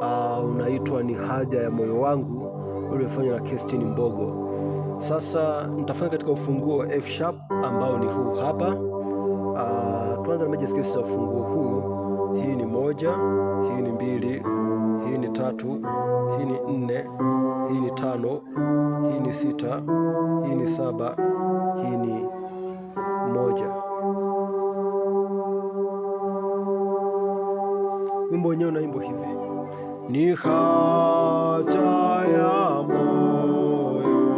uh, unaitwa ni haja ya moyo wangu uliofanywa na Kestini Mbogo. Sasa nitafanya katika ufunguo wa F sharp ambao ni huu hapa. Uh, tuanze na major scales za ufunguo huu. Hii ni moja, hii ni mbili, hii ni tatu, hii ni nne, hii ni tano, hii ni sita, hii ni saba, hii ni moja. Wimbo wenyewe unaimbo hivi, ni hata ya moyo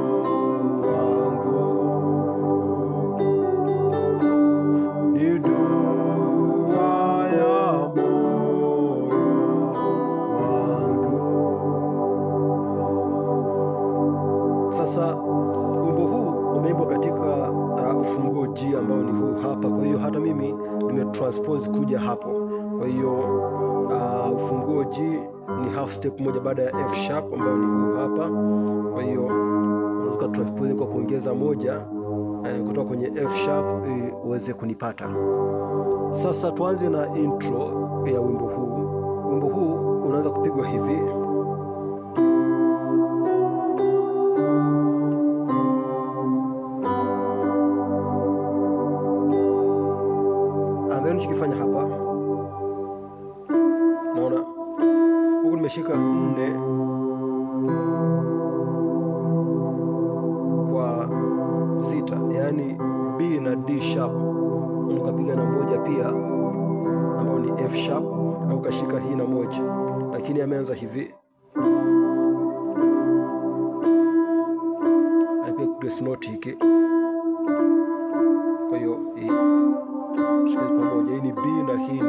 Sasa huu katika uh, ufunguo ambao ni huu hapa. Kwa hiyo hata mimi nimetranspose kuja hapo, kwa hiyo ufunguo G ni half step moja baada ya F sharp ambayo ni huu hapa. Kwa hiyo unaweza tutraspose kwa kuongeza moja eh, kutoka kwenye F sharp ili uweze kunipata. Sasa tuanze na intro ya wimbo huu. Wimbo huu unaanza kupigwa hivi. nitashika nne kwa sita, yaani B na D sharp, ukapiga na moja pia ambayo ni F sharp, au kashika hii na moja, lakini ameanza hivi note hiki. Kwa hiyo hii pamoja, hii ni B na hii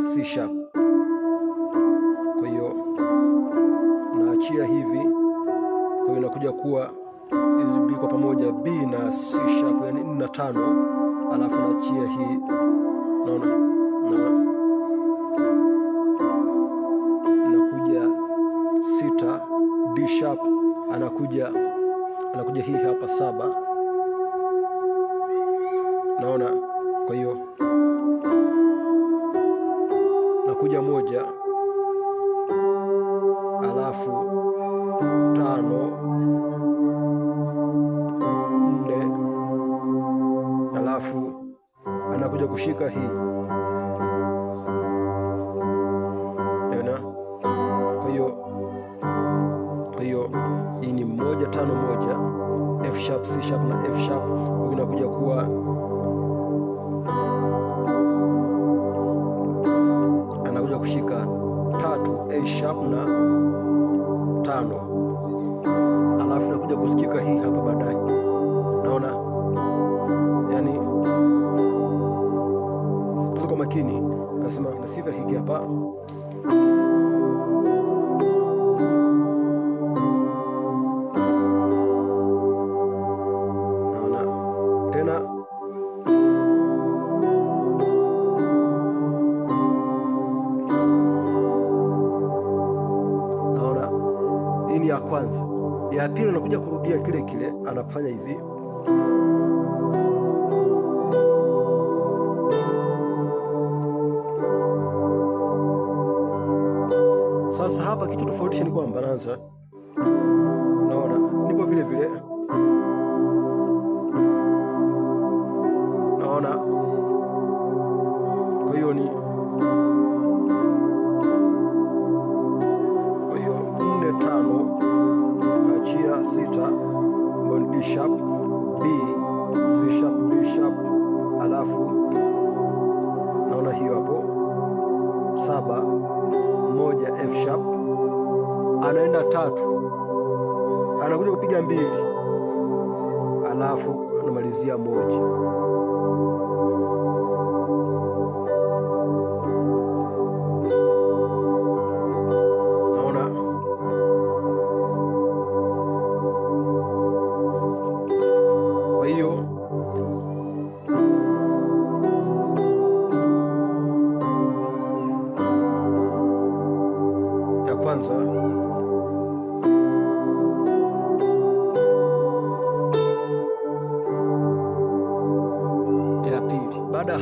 ni C sharp. kuachia hivi, kwa hiyo inakuja kuwa hizi mbili kwa pamoja B na C sharp, yani nne na tano, alafu naachia hii, naona nakuja sita, D sharp anakuja anakuja hii hapa saba, naona. Kwa hiyo nakuja moja alafu tano nne, alafu anakuja kushika hii tena. kwa hiyo kwa hiyo hii ni moja tano moja F sharp C sharp na F sharp inakuja kuwa anakuja kushika tatu A sharp na tano, alafu nakuja kusikika hii hapa baadaye. Unaona yani, tuko makini, nasema nasifa hiki hapa fanya hivi sasa. Hapa kitu tofauti ni kwamba naanza, naona nipo vile vile, naona kwa hiyo ni kwa hiyo nne tano achia sita sharp B C sharp D sharp, alafu naona hiyo hapo saba moja F sharp, anaenda tatu, anakuja kupiga mbili, alafu anamalizia moja.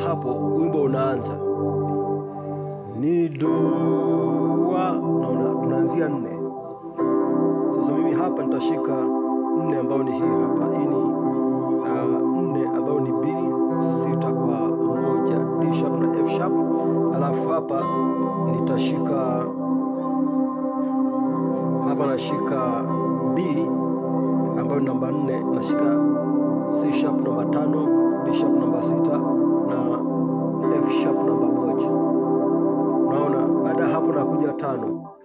hapo wimbo unaanza ni dua, naona tunaanzia nne. Sasa mimi hapa nitashika nne ambayo ni hii hapa, hii ni ah, nne ambayo ni B sita kwa moja D sharp na F sharp, alafu hapa nitashika hapa nashika B ambayo namba nne, nashika C sharp namba tano, D sharp namba sita na F sharp namba moja. Unaona, baada ya hapo nakuja tano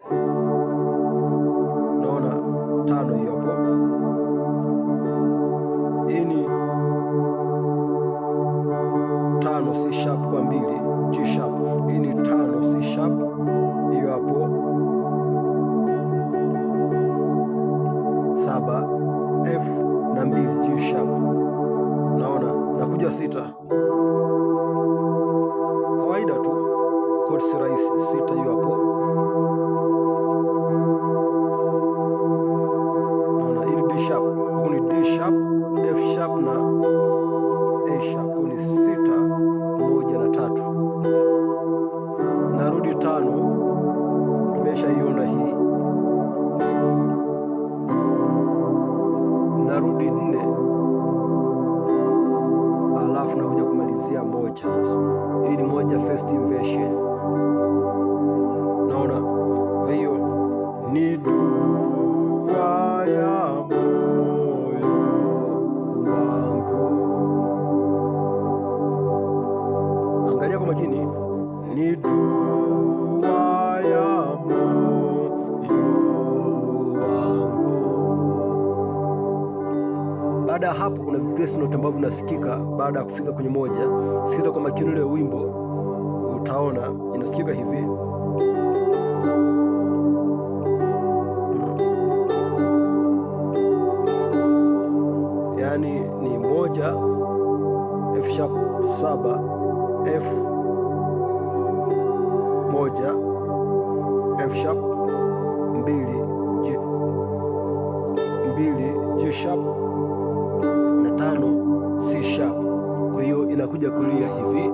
festive version. Naona kwa hiyo ni dua ya moyo wangu, angalia kwa makini, ni dua ya Baada ya hapo kuna vipresso note ambavyo vinasikika baada ya kufika kwenye moja. Sikiza kwa makini ule wimbo utaona inasikika hivi yaani ni moja F sharp saba F moja F sharp mbili G mbili G sharp na tano C sharp. Kwa hiyo inakuja kulia hivi.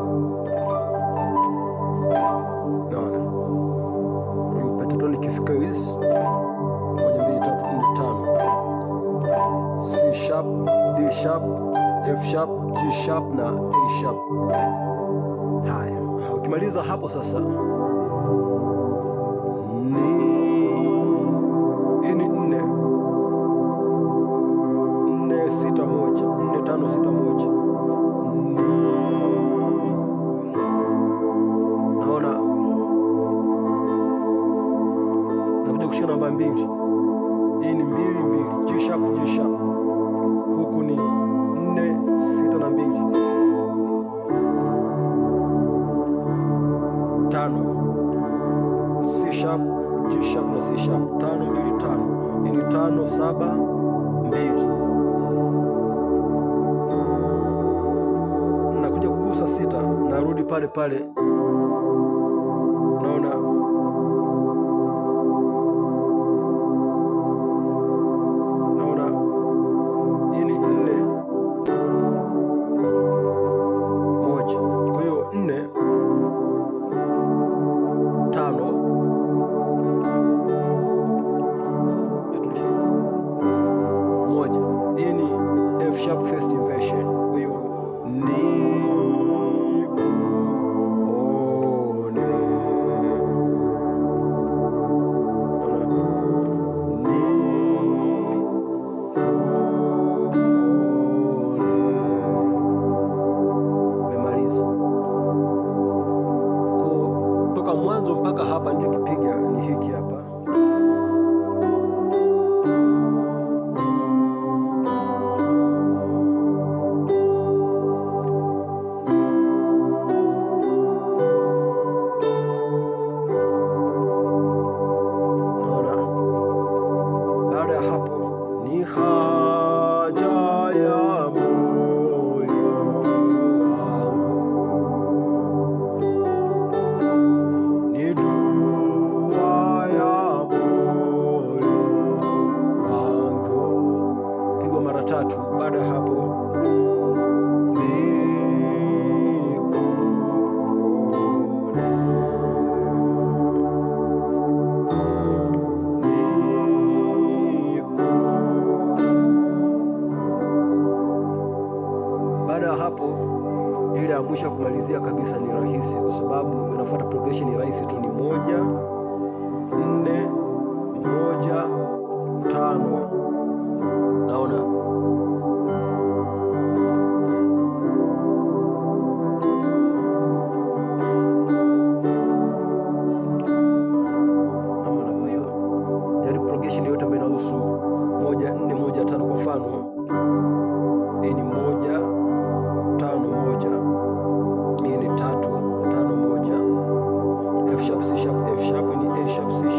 A sharp, F sharp, G sharp na A sharp. Haya, ukimaliza hapo sasa ni ini nne nne sita moja nne tano sita moja naona nakuja kushika namba mbili. Hii ni mbili mbili, G sharp G sharp huku ni nne sita na mbili tano C sharp G sharp na C sharp tano mbili tano ini tano saba mbili nakuja kugusa sita narudi pale pale sharp first inversion huyo Toka mwanzo mpaka hapa nilichokipiga ni hiki hapa. Oh.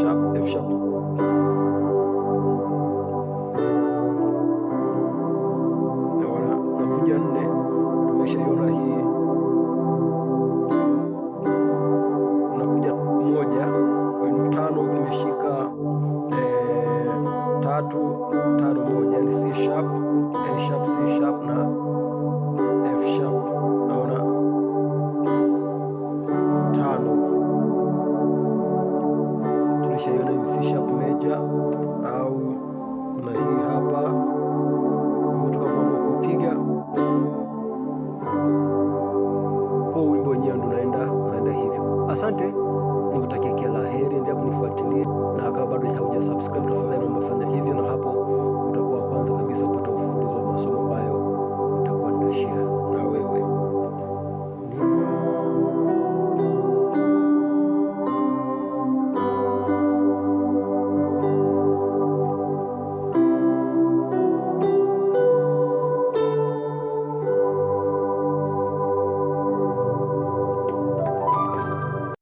sharp, F sharp.